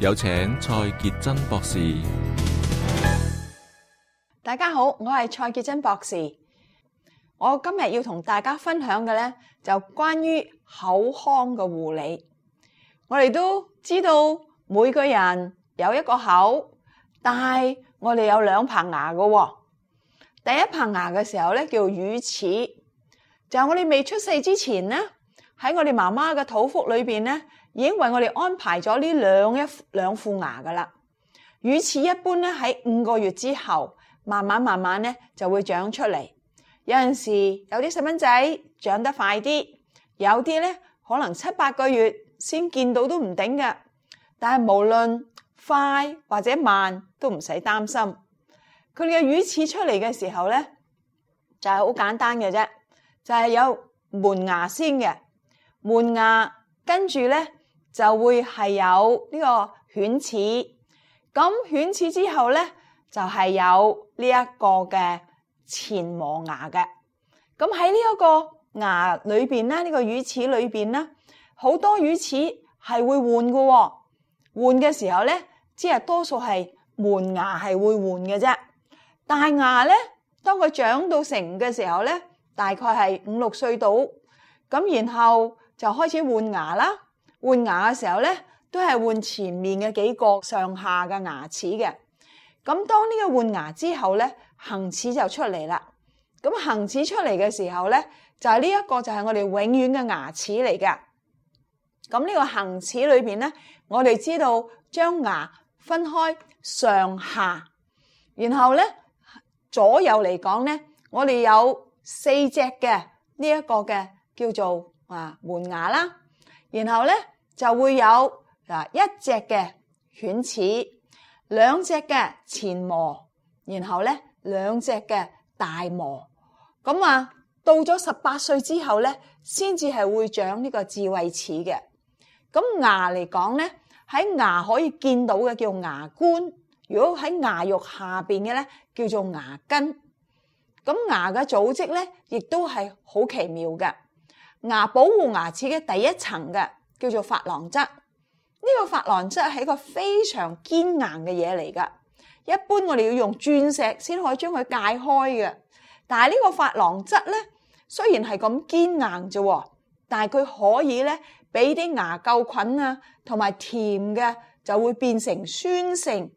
有請蔡潔貞博士。大家好，我係蔡潔貞博士。我今日要同大家分享嘅呢，就關於口腔嘅護理。我哋都知道每個人有一個口，但係我哋有兩棚牙㗎喎。第一棚牙嘅時候呢，叫乳齒，就係我哋未出世之前呢。喺我哋媽媽嘅肚腹裏邊咧，已經為我哋安排咗呢兩一兩副牙㗎喇。乳齒一般咧，喺五個月之後，慢慢慢慢咧就會長出嚟。有陣時有啲細蚊仔長得快啲，有啲咧可能七八個月先見到都唔頂嘅。但係無論快或者慢，都唔使擔心。佢哋嘅乳齒出嚟嘅時候咧，就係好簡單嘅啫，就係有門牙先嘅。門牙跟住咧就會係有呢個犬齒，咁、嗯、犬齒之後咧就係、是、有呢一個嘅前磨牙嘅。咁喺呢一個牙裏邊啦，呢、這個乳齒裏邊啦，好多乳齒係會換嘅、哦，換嘅時候咧，只係多數係門牙係會換嘅啫。大牙咧，當佢長到成嘅時候咧，大概係五六歲到咁、嗯，然後。就開始換牙啦。換牙嘅時候咧，都係換前面嘅幾個上下嘅牙齒嘅。咁當呢個換牙之後咧，恆齒就出嚟啦。咁恆齒出嚟嘅時候咧，就係呢一個就係我哋永遠嘅牙齒嚟嘅。咁、這個、呢個恆齒裏邊咧，我哋知道將牙分開上下，然後咧左右嚟講咧，我哋有四隻嘅呢一個嘅叫做。啊門牙啦，然後咧就會有嗱一隻嘅犬齒，兩隻嘅前磨，然後咧兩隻嘅大磨。咁啊，到咗十八歲之後咧，先至係會長呢個智慧齒嘅。咁牙嚟講咧，喺牙可以見到嘅叫牙冠，如果喺牙肉下邊嘅咧叫做牙根。咁牙嘅組織咧，亦都係好奇妙嘅。牙保護牙齒嘅第一層嘅叫做珐琅質，呢個珐琅質係一個非常堅硬嘅嘢嚟噶。一般我哋要用鑽石先可以將佢解開嘅。但係呢個珐琅質咧，雖然係咁堅硬啫，但係佢可以咧俾啲牙垢菌啊，同埋甜嘅就會變成酸性。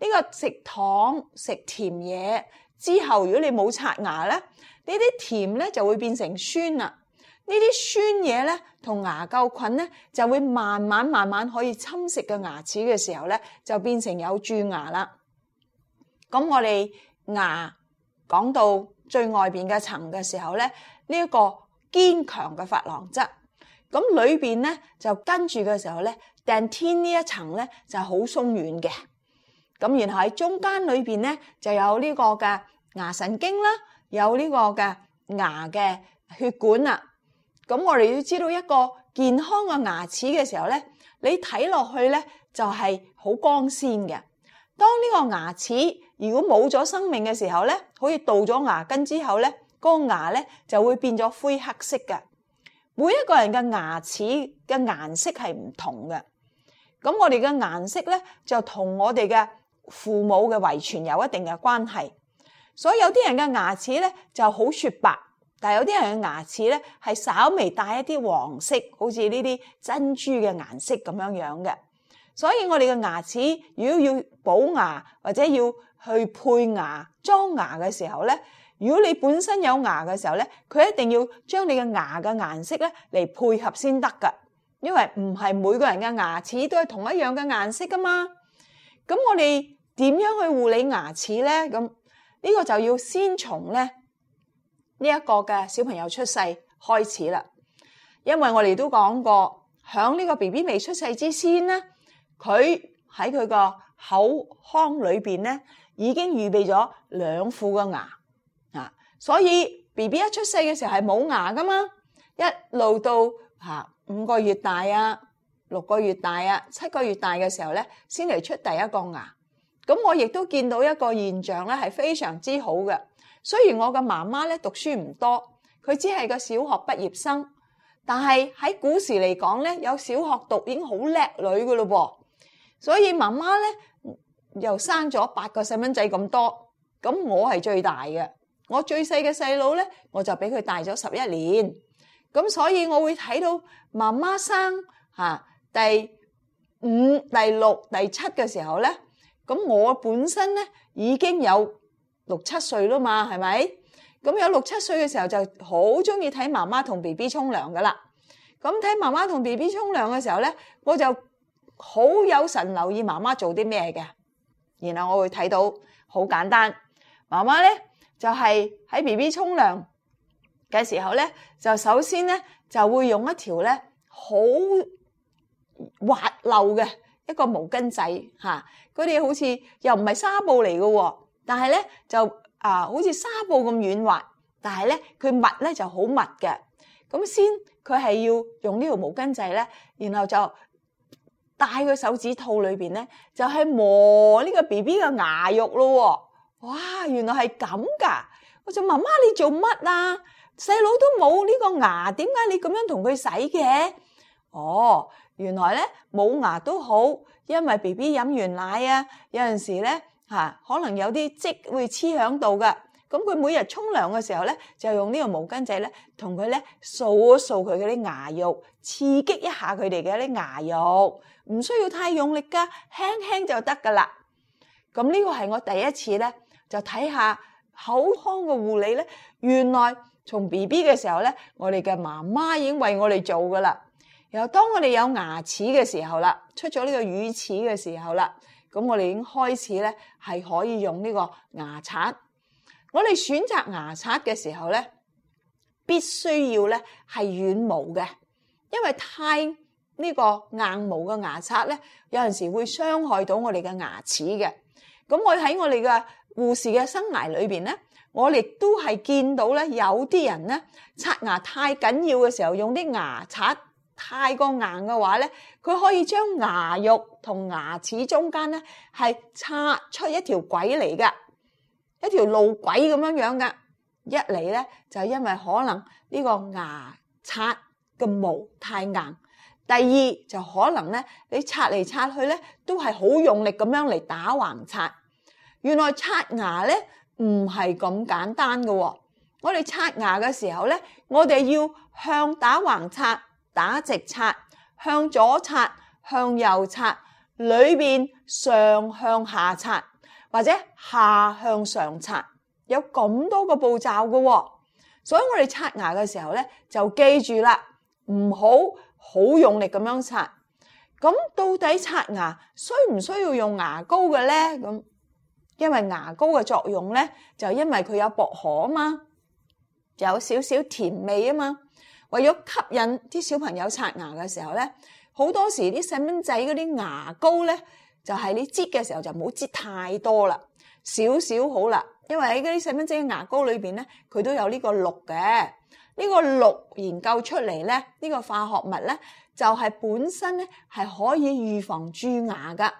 呢個食糖食甜嘢之後，如果你冇刷牙咧，呢啲甜咧就會變成酸啦。呢啲酸嘢咧，同牙垢菌咧，就會慢慢慢慢可以侵蝕嘅牙齒嘅時候咧，就變成有蛀牙啦。咁我哋牙講到最外邊嘅層嘅時候咧，呢一個堅強嘅琺瑯質，咁裏邊咧就跟住嘅時候咧，dentin 呢一層咧就係好鬆軟嘅。咁然後喺中間裏邊咧就有呢個嘅牙神經啦，有呢個嘅牙嘅血管啊。咁我哋要知道一個健康嘅牙齒嘅時候咧，你睇落去咧就係好光鮮嘅。當呢個牙齒如果冇咗生命嘅時候咧，好似到咗牙根之後咧，個牙咧就會變咗灰黑色嘅。每一個人嘅牙齒嘅顏色係唔同嘅。咁我哋嘅顏色咧就同我哋嘅父母嘅遺傳有一定嘅關係。所以有啲人嘅牙齒咧就好雪白。但係有啲人嘅牙齒咧，係稍微帶一啲黃色，好似呢啲珍珠嘅顏色咁樣樣嘅。所以我哋嘅牙齒，如果要補牙或者要去配牙裝牙嘅時候咧，如果你本身有牙嘅時候咧，佢一定要將你嘅牙嘅顏色咧嚟配合先得㗎，因為唔係每個人嘅牙齒都係同一樣嘅顏色噶嘛。咁我哋點樣去護理牙齒咧？咁呢個就要先從咧。呢一個嘅小朋友出世開始啦，因為我哋都講過，響呢個 BB 未出世之前咧，佢喺佢個口腔裏邊咧已經預備咗兩副嘅牙啊，所以 BB 一出世嘅時候係冇牙噶嘛，一路到吓五個月大啊、六個月大啊、七個月大嘅時候咧，先嚟，出第一個牙。咁我亦都見到一個現象咧，係非常之好嘅。雖然我嘅媽媽呢，讀書唔多，佢只係個小學畢業生，但係，喺古時嚟講呢，有小學讀已經好叻女㗎喇喎。所以媽媽呢，又生咗八個細蚊仔咁多，咁我係最大嘅。我最細嘅細佬呢，我就俾佢大咗十一年。咁所以我會睇到，媽媽生，第五、第六、第七嘅時候呢，咁我本身呢，已經有六七歲啦嘛，係咪？咁有六七歲嘅時候，就好中意睇媽媽同 BB 沖涼噶啦。咁睇媽媽同 BB 沖涼嘅時候咧，我就好有神留意媽媽做啲咩嘅。然後我會睇到好簡單，媽媽咧就係喺 BB 沖涼嘅時候咧，就首先咧就會用一條咧好滑溜嘅一個毛巾仔吓，嗰啲好似又唔係紗布嚟噶。但係咧就啊，好似紗布咁軟滑，但係咧佢密咧就好密嘅。咁先佢係要用呢條毛巾仔咧，然後就戴佢手指套裏邊咧，就係、是、磨呢個 B B 嘅牙肉咯、哦。哇！原來係咁噶。我做媽媽你做乜啊？細佬都冇呢個牙，點解你咁樣同佢洗嘅？哦，原來咧冇牙都好，因為 B B 飲完奶啊，有陣時咧。嚇、啊，可能有啲漬會黐喺度噶。咁佢每日沖涼嘅時候咧，就用呢個毛巾仔咧，同佢咧掃一掃佢嗰啲牙肉，刺激一下佢哋嘅一啲牙肉，唔需要太用力噶，輕輕就得噶啦。咁呢個係我第一次咧，就睇下口腔嘅護理咧。原來從 B B 嘅時候咧，我哋嘅媽媽已經為我哋做噶啦。然後當我哋有牙齒嘅時候啦，出咗呢個乳齒嘅時候啦。咁我哋已經開始咧，係可以用呢個牙刷。我哋選擇牙刷嘅時候咧，必須要咧係軟毛嘅，因為太呢個硬毛嘅牙刷咧，有陣時會傷害到我哋嘅牙齒嘅。咁我喺我哋嘅護士嘅生涯裏邊咧，我哋都係見到咧有啲人咧刷牙太緊要嘅時候用啲牙刷。太過硬嘅話咧，佢可以將牙肉同牙齒中間咧係刷出一條軌嚟㗎，一條路軌咁樣樣㗎。一嚟咧就係因為可能呢個牙刷嘅毛太硬，第二就可能咧你刷嚟刷去咧都係好用力咁樣嚟打橫刷。原來刷牙咧唔係咁簡單嘅。我哋刷牙嘅時候咧，我哋要向打橫刷。打直刷，向左刷，向右刷，裏邊，上向下刷，或者下向上刷，有咁多個步驟㗎喎。所以我哋刷牙嘅時候咧，就記住啦，唔好好用力咁樣刷。咁到底刷牙需唔需要用牙膏嘅咧？咁因為牙膏嘅作用咧，就因為佢有薄荷啊嘛，有少少甜味啊嘛。為咗吸引啲小朋友刷牙嘅時候咧，好多時啲細蚊仔嗰啲牙膏咧，就係你擠嘅時候就唔好擠太多啦，少少好啦。因為喺嗰啲細蚊仔嘅牙膏裏邊咧，佢都有呢個氯嘅，呢個氯研究出嚟咧，呢個化學物咧就係本身咧係可以預防蛀牙噶。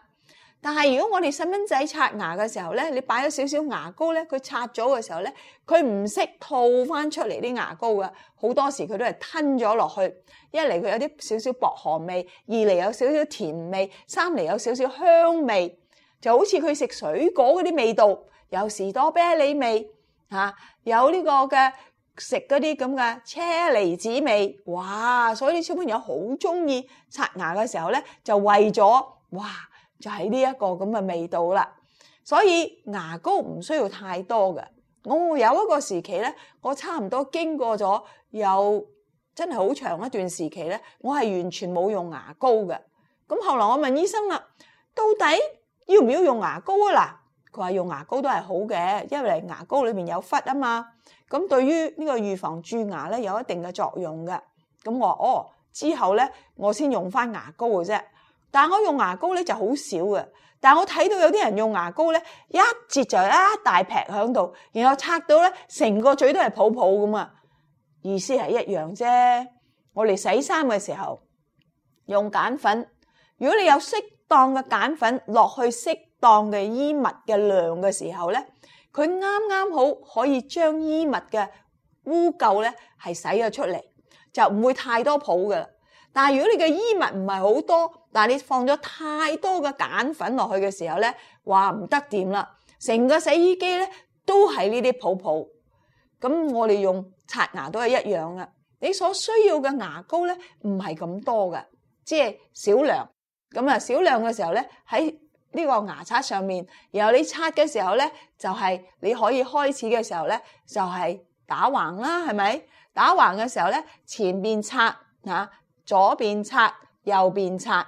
但係如果我哋細蚊仔刷牙嘅時候咧，你擺咗少少牙膏咧，佢刷咗嘅時候咧，佢唔識吐翻出嚟啲牙膏噶，好多時佢都係吞咗落去。一嚟佢有啲少少薄荷味，二嚟有少少甜味，三嚟有少少香味，就好似佢食水果嗰啲味道，有士多啤梨味嚇、啊，有呢個嘅食嗰啲咁嘅車厘子味，哇！所以啲小朋友好中意刷牙嘅時候咧，就為咗哇～就喺呢一個咁嘅味道啦，所以牙膏唔需要太多嘅。我有一個時期咧，我差唔多經過咗有真係好長一段時期咧，我係完全冇用牙膏嘅。咁後來我問醫生啦，到底要唔要用牙膏啊？嗱，佢話用牙膏都係好嘅，因為牙膏裏面有氟啊嘛。咁對於呢個預防蛀牙咧，有一定嘅作用嘅。咁我話哦，之後咧我先用翻牙膏嘅啫。但係我用牙膏咧就好少嘅，但係我睇到有啲人用牙膏咧一截就一大劈喺度，然後擦到咧成個嘴都係泡泡咁啊！意思係一樣啫。我哋洗衫嘅時候用鹼粉，如果你有適當嘅鹼粉落去適當嘅衣物嘅量嘅時候咧，佢啱啱好可以將衣物嘅污垢咧係洗咗出嚟，就唔會太多泡噶啦。但係如果你嘅衣物唔係好多，但係你放咗太多嘅鹼粉落去嘅時候咧，話唔得掂啦，成個洗衣機咧都係呢啲泡泡。咁我哋用刷牙都係一樣噶，你所需要嘅牙膏咧唔係咁多噶，即係少量。咁啊少量嘅時候咧，喺呢個牙刷上面，然後你刷嘅時候咧，就係你可以開始嘅時候咧，就係打橫啦，係咪？打橫嘅時候咧，前邊刷吓，左邊刷，右邊刷。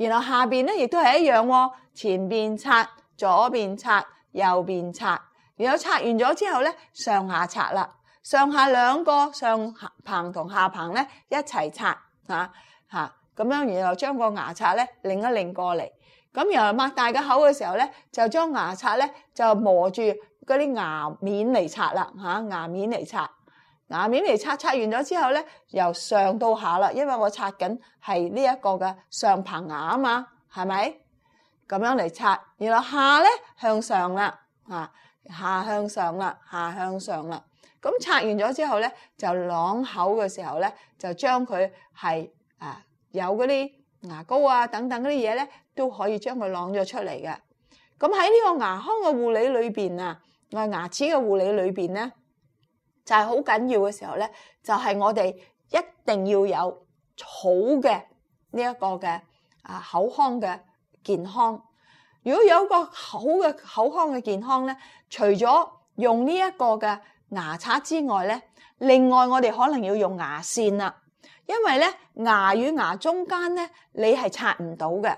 然後下邊咧亦都係一樣喎、哦，前邊刷，左邊刷，右邊刷，然後刷完咗之後咧上下刷啦，上下兩個上下棚同下棚咧一齊刷嚇嚇，咁、啊啊、樣然後將個牙刷咧擰一擰過嚟，咁然後擘大個口嘅時候咧就將牙刷咧就磨住嗰啲牙面嚟刷啦嚇，牙面嚟刷。牙面嚟刷，刷完咗之後咧，由上到下啦，因為我刷緊係呢一個嘅上棚牙啊嘛，係咪？咁樣嚟刷，然後下咧向上啦，嚇下向上啦，下向上啦。咁刷完咗之後咧，就啷口嘅時候咧，就將佢係啊有嗰啲牙膏啊等等嗰啲嘢咧，都可以將佢啷咗出嚟嘅。咁喺呢個牙腔嘅護理裏邊啊，牙齒嘅護理裏邊咧。就係好緊要嘅時候咧，就係、是、我哋一定要有好嘅呢一個嘅啊口腔嘅健康。如果有一個好嘅口腔嘅健康咧，除咗用呢一個嘅牙刷之外咧，另外我哋可能要用牙線啦，因為咧牙與牙中間咧，你係刷唔到嘅。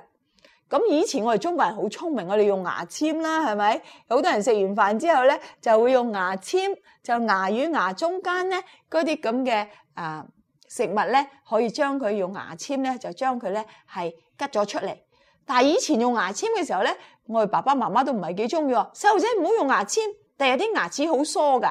咁以前我哋中國人好聰明，我哋用牙籤啦，係咪？好多人食完飯之後咧，就會用牙籤，就牙與牙中間咧，嗰啲咁嘅啊食物咧，可以將佢用牙籤咧，就將佢咧係拮咗出嚟。但係以前用牙籤嘅時候咧，我哋爸爸媽媽都唔係幾鍾意喎，細路仔唔好用牙籤，第日啲牙齒好疏㗎。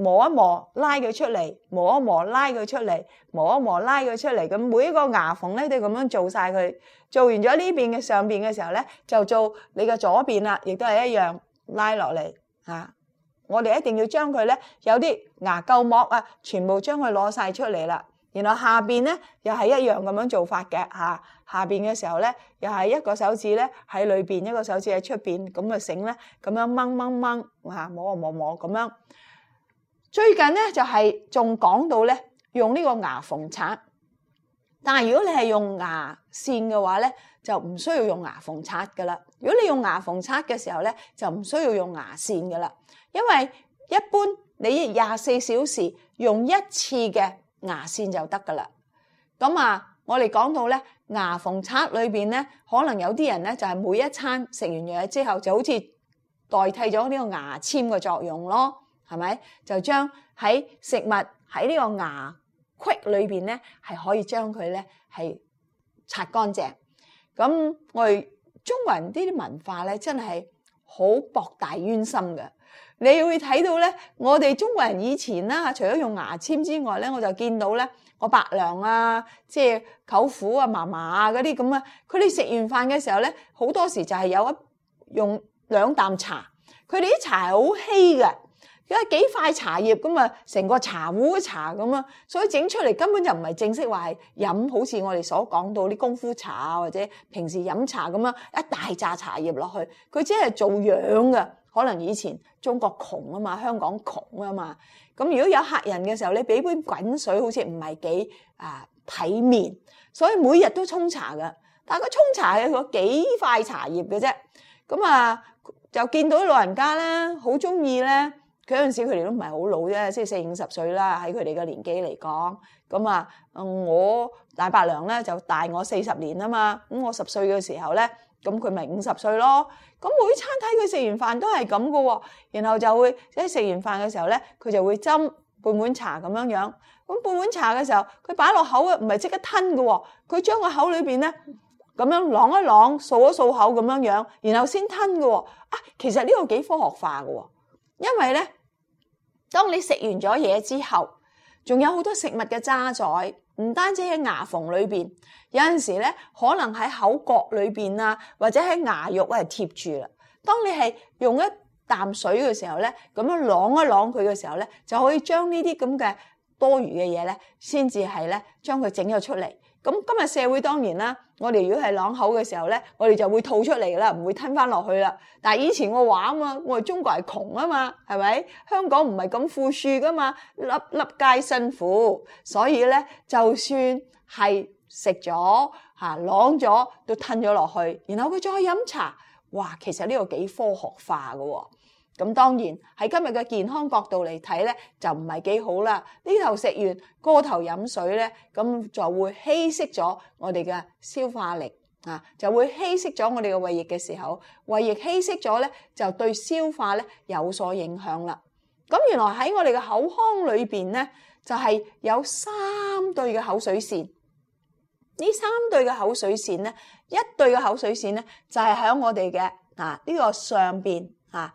摸一摸，拉佢出嚟；摸一摸，拉佢出嚟；摸一摸，拉佢出嚟。咁每一個牙縫咧，都咁樣做晒佢。做完咗呢邊嘅上邊嘅時候咧，就做你嘅左邊啦，亦都係一樣拉落嚟。吓，我哋一定要將佢咧有啲牙垢膜啊，全部將佢攞晒出嚟啦。然後下邊咧又係一樣咁樣做法嘅吓。下邊嘅時候咧又係一個手指咧喺裏邊，一個手指喺出邊，咁啊醒咧，咁樣掹掹掹，吓摸啊摸摸咁樣。最近咧就係仲講到咧用呢個牙縫刷，但係如果你係用牙線嘅話咧，就唔需要用牙縫刷噶啦。如果你用牙縫刷嘅時候咧，就唔需要用牙線噶啦。因為一般你廿四小時用一次嘅牙線就得噶啦。咁啊，我哋講到咧牙縫刷裏邊咧，可能有啲人咧就係每一餐食完嘢之後，就好似代替咗呢個牙籤嘅作用咯。係咪就將喺食物喺呢個牙隙裏邊咧，係可以將佢咧係擦乾淨。咁我哋中國人呢啲文化咧，真係好博大淵深嘅。你會睇到咧，我哋中國人以前啦、啊，除咗用牙籤之外咧，我就見到咧，我伯娘啊、即係舅父啊、嫲嫲啊嗰啲咁啊，佢哋食完飯嘅時候咧，好多時就係有一用兩啖茶。佢哋啲茶係好稀嘅。有幾塊茶葉咁啊，成個茶壺茶咁啊，所以整出嚟根本就唔係正式話係飲，好似我哋所講到啲功夫茶啊，或者平時飲茶咁啊，一大紮茶葉落去，佢只係做樣嘅。可能以前中國窮啊嘛，香港窮啊嘛，咁如果有客人嘅時候，你俾杯滾水好似唔係幾啊體面，所以每日都沖茶嘅。但係佢沖茶係佢幾塊茶葉嘅啫，咁啊就見到老人家咧，好中意咧。嗰陣時佢哋都唔係好老啫，即係四五十歲啦，喺佢哋嘅年紀嚟講，咁啊，我大伯娘咧就大我四十年啊嘛，咁我十歲嘅時候咧，咁佢咪五十歲咯，咁每餐睇佢食完飯都係咁噶喎，然後就會即係食完飯嘅時候咧，佢就會斟半碗茶咁樣樣，咁半碗茶嘅時候，佢擺落口嘅唔係即刻吞嘅，佢將個口裏邊咧咁樣啷一啷掃一掃口咁樣樣，然後先吞嘅，啊，其實呢個幾科學化嘅，因為咧。當你食完咗嘢之後，仲有好多食物嘅渣滓，唔單止喺牙縫裏邊，有陣時咧可能喺口角裏邊啊，或者喺牙肉係貼住啦。當你係用一啖水嘅時候咧，咁樣啷一啷佢嘅時候咧，就可以將呢啲咁嘅多餘嘅嘢咧，先至係咧將佢整咗出嚟。咁今日社會當然啦，我哋如果係啷口嘅時候咧，我哋就會吐出嚟啦，唔會吞翻落去啦。但係以前我話啊嘛，我哋中國係窮啊嘛，係咪？香港唔係咁富庶噶嘛，粒粒皆辛苦，所以咧，就算係食咗嚇啷咗都吞咗落去，然後佢再飲茶，哇！其實呢個幾科學化噶喎、哦。咁當然喺今日嘅健康角度嚟睇咧，就唔係幾好啦。呢頭食完，嗰頭飲水咧，咁就會稀釋咗我哋嘅消化力啊，就會稀釋咗我哋嘅胃液嘅時候，胃液稀釋咗咧，就對消化咧有所影響啦。咁原來喺我哋嘅口腔裏邊咧，就係有三對嘅口水線。呢三對嘅口水線咧，一對嘅口水線咧，就係喺我哋嘅啊呢個上邊啊。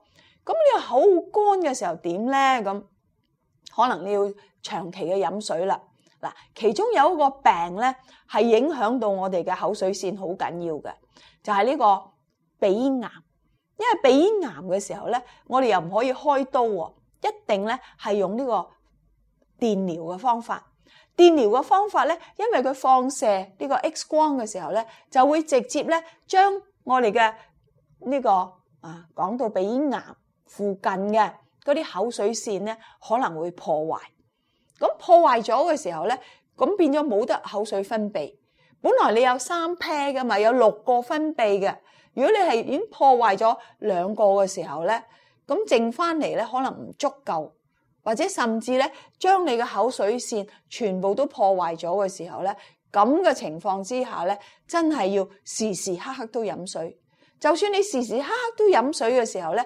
咁你個口乾嘅時候點咧？咁可能你要長期嘅飲水啦。嗱，其中有一個病咧係影響到我哋嘅口水腺，好緊要嘅就係呢個鼻咽癌。因為鼻咽癌嘅時候咧，我哋又唔可以開刀喎，一定咧係用呢個電療嘅方法。電療嘅方法咧，因為佢放射呢個 X 光嘅時候咧，就會直接咧將我哋嘅呢個啊講到鼻咽癌附近嘅嗰啲口水腺咧，可能會破壞。咁破壞咗嘅時候咧，咁變咗冇得口水分泌。本來你有三 pair 嘅嘛，有六個分泌嘅。如果你係已經破壞咗兩個嘅時候咧，咁剩翻嚟咧可能唔足夠，或者甚至咧將你嘅口水腺全部都破壞咗嘅時候咧，咁嘅情況之下咧，真係要時時刻刻都飲水。就算你時時刻刻都飲水嘅時候咧。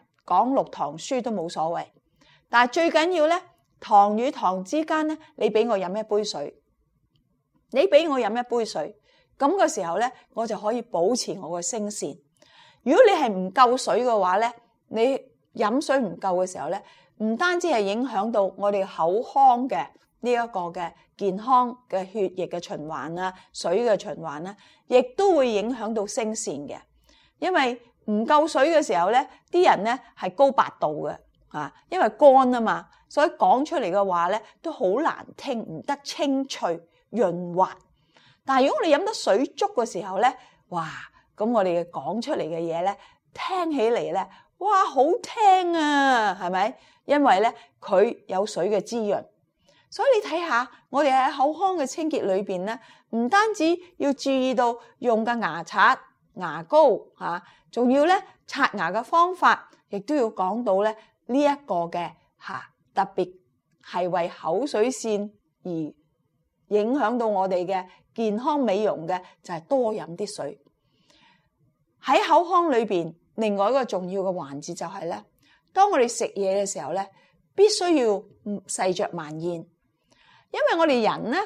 講六堂書都冇所謂，但係最緊要咧，堂與堂之間咧，你俾我飲一杯水，你俾我飲一杯水，咁嘅時候咧，我就可以保持我嘅聲線。如果你係唔夠水嘅話咧，你飲水唔夠嘅時候咧，唔單止係影響到我哋口腔嘅呢一個嘅健康嘅血液嘅循環啊，水嘅循環啊，亦都會影響到聲線嘅，因為。唔夠水嘅時候咧，啲人咧係高八度嘅，啊，因為乾啊嘛，所以講出嚟嘅話咧都好難聽，唔得清脆潤滑。但係如果你飲得水足嘅時候咧，哇，咁我哋講出嚟嘅嘢咧，聽起嚟咧，哇，好聽啊，係咪？因為咧，佢有水嘅滋潤，所以你睇下，我哋喺口腔嘅清潔裏邊咧，唔單止要注意到用嘅牙刷、牙膏啊。仲要咧刷牙嘅方法，亦都要講到咧呢一個嘅吓，特別係為口水腺而影響到我哋嘅健康美容嘅，就係多飲啲水。喺口腔裏邊，另外一個重要嘅環節就係咧，當我哋食嘢嘅時候咧，必須要細嚼慢咽，因為我哋人咧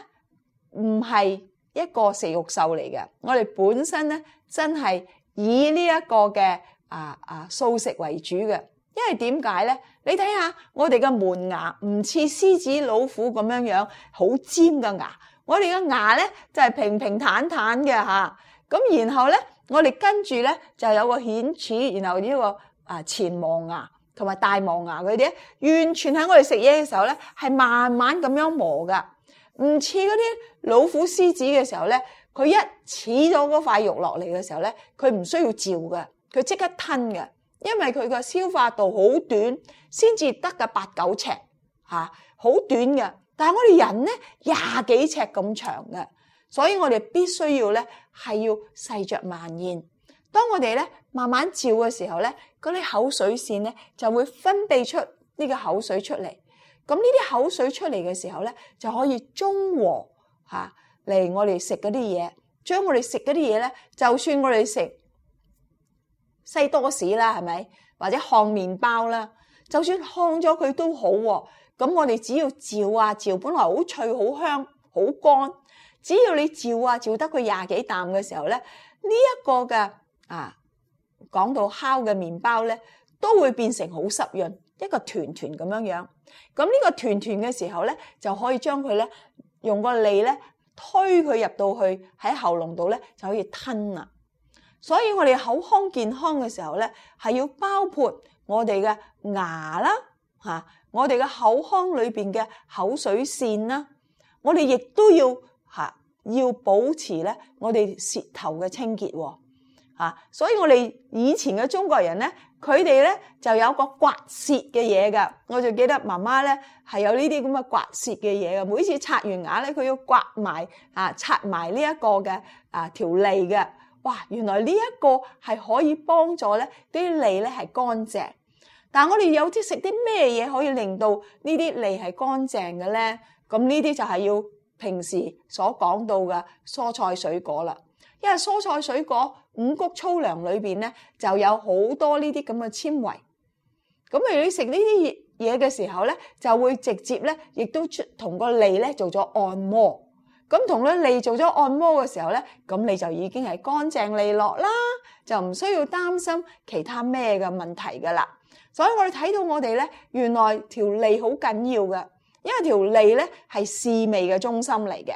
唔係一個食肉獸嚟嘅，我哋本身咧真係。以呢一個嘅啊啊素食為主嘅，因為點解咧？你睇下我哋嘅門牙唔似獅子、老虎咁樣樣好尖嘅牙，我哋嘅牙咧就係、是、平平坦坦嘅吓。咁、啊、然後咧，我哋跟住咧就有個犬齒，然後呢個啊前磨牙同埋大磨牙佢哋，完全喺我哋食嘢嘅時候咧係慢慢咁樣磨噶，唔似嗰啲老虎、獅子嘅時候咧。佢一扯咗嗰塊肉落嚟嘅時候咧，佢唔需要嚼嘅，佢即刻吞嘅，因為佢個消化道好短，先至得嘅八九尺吓，好、啊、短嘅。但係我哋人咧廿幾尺咁長嘅，所以我哋必須要咧係要細嚼慢咽。當我哋咧慢慢嚼嘅時候咧，嗰啲口水腺咧就會分泌出呢個口水出嚟。咁呢啲口水出嚟嘅時候咧，就可以中和吓。啊嚟我哋食嗰啲嘢，將我哋食嗰啲嘢咧，就算我哋食西多士啦，係咪？或者烘麵包啦，就算烘咗佢都好喎。咁我哋只要照啊照，本來好脆、好香、好乾，只要你照啊照得佢廿幾啖嘅時候咧，呢、這、一個嘅啊，講到烤嘅麵包咧，都會變成好濕潤，一個團團咁樣樣。咁呢個團團嘅時候咧，就可以將佢咧用個脷咧。推佢入到去喺喉嚨度咧，就可以吞啦。所以我哋口腔健康嘅時候咧，係要包括我哋嘅牙啦，吓、啊，我哋嘅口腔裏邊嘅口水腺啦，我哋亦都要吓、啊，要保持咧我哋舌頭嘅清潔。啊！所以我哋以前嘅中國人咧，佢哋咧就有個刮舌嘅嘢噶。我就記得媽媽咧係有呢啲咁嘅刮舌嘅嘢嘅。每次刷完牙咧，佢要刮埋啊，刷埋呢一個嘅啊條脷嘅。哇！原來呢一個係可以幫助咧啲脷咧係乾淨。但係我哋有啲食啲咩嘢可以令到乾淨呢啲脷係乾淨嘅咧？咁呢啲就係要平時所講到嘅蔬菜水果啦。因為蔬菜水果、五穀粗糧裏邊咧，就有好多呢啲咁嘅纖維。咁譬如你食呢啲嘢嘅時候咧，就會直接咧，亦都出同個脷咧做咗按摩。咁同咧脷做咗按摩嘅時候咧，咁你就已經係乾淨利落啦，就唔需要擔心其他咩嘅問題噶啦。所以我哋睇到我哋咧，原來條脷好緊要嘅，因為條脷咧係試味嘅中心嚟嘅。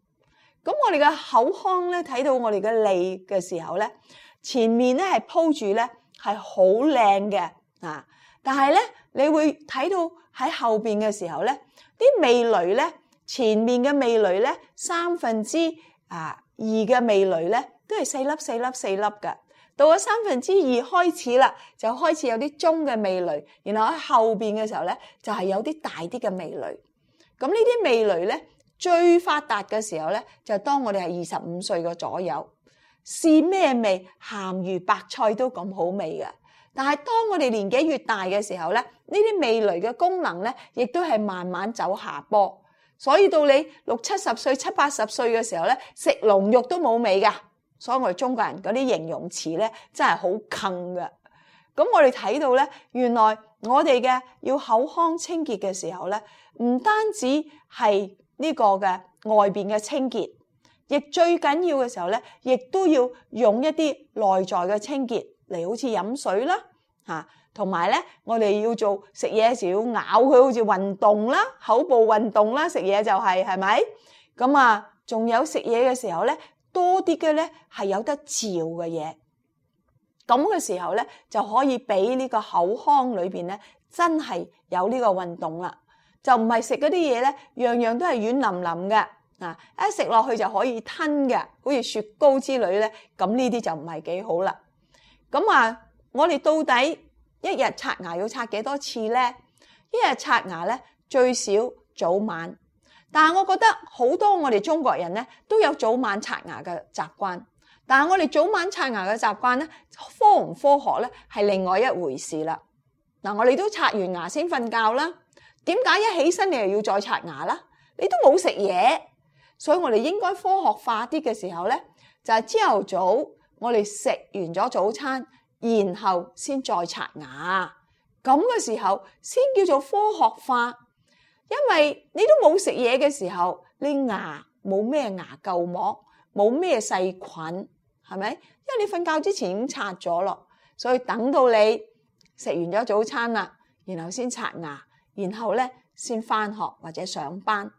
咁我哋嘅口腔咧，睇到我哋嘅脷嘅時候咧，前面咧係鋪住咧係好靚嘅啊！但係咧，你會睇到喺後邊嘅時候咧，啲味蕾咧，前面嘅味蕾咧，三分之啊二嘅味蕾咧，都係細粒細粒細粒嘅。到咗三分之二開始啦，就開始有啲中嘅味蕾，然後喺後邊嘅時候咧，就係有啲大啲嘅味蕾。咁呢啲味蕾咧。最發達嘅時候咧，就當我哋係二十五歲個左右，試咩味鹹魚白菜都咁好味嘅。但係當我哋年紀越大嘅時候咧，呢啲味蕾嘅功能咧，亦都係慢慢走下坡。所以到你六七十歲、七八十歲嘅時候咧，食龍肉都冇味嘅。所以我哋中國人嗰啲形容詞咧，真係好坑嘅。咁我哋睇到咧，原來我哋嘅要口腔清潔嘅時候咧，唔單止係。呢個嘅外邊嘅清潔，亦最緊要嘅時候咧，亦都要用一啲內在嘅清潔嚟，好似飲水啦，吓，同埋咧，我哋要做食嘢嘅時候要咬佢，好似運動啦，口部運動啦，食嘢就係係咪？咁啊，仲有食嘢嘅時候咧，多啲嘅咧係有得嚼嘅嘢，咁嘅時候咧就可以俾呢個口腔裏邊咧真係有呢個運動啦。就唔係食嗰啲嘢咧，樣樣都係軟腍腍嘅，啊！一食落去就可以吞嘅，好似雪糕之類咧，咁呢啲就唔係幾好啦。咁啊，我哋到底一日刷牙要刷幾多次咧？一日刷牙咧最少早晚，但係我覺得好多我哋中國人咧都有早晚刷牙嘅習慣，但係我哋早晚刷牙嘅習慣咧科唔科學咧係另外一回事啦。嗱、啊，我哋都刷完牙先瞓覺啦。點解一起身你又要再刷牙啦？你都冇食嘢，所以我哋應該科學化啲嘅時候咧，就係朝頭早我哋食完咗早餐，然後先再，再刷牙。咁嘅時候先叫做科學化，因為你都冇食嘢嘅時候，你牙冇咩牙垢膜，冇咩細菌，係咪？因為你瞓覺之前已經刷咗咯，所以等到你食完咗早餐啦，然後先刷牙。然後咧，先返學或者上班，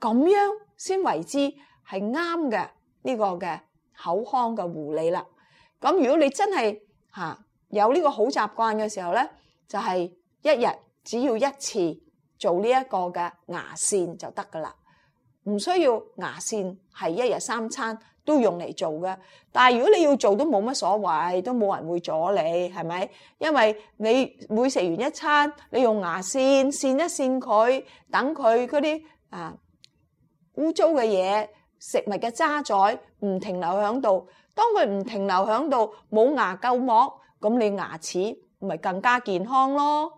咁樣先為之係啱嘅呢個嘅口腔嘅護理啦。咁、嗯、如果你真係吓、啊、有呢個好習慣嘅時候咧，就係、是、一日只要一次做呢一個嘅牙線就得噶啦，唔需要牙線係一日三餐，都用嚟做㗎，但係如果你要做都冇乜所謂，都冇人會阻你，係咪？因為你每食完一餐，你用牙線線一線佢，等佢嗰啲啊污糟嘅嘢、食物嘅渣滓唔停留喺度。當佢唔停留喺度，冇牙垢膜，咁你牙齒咪更加健康咯。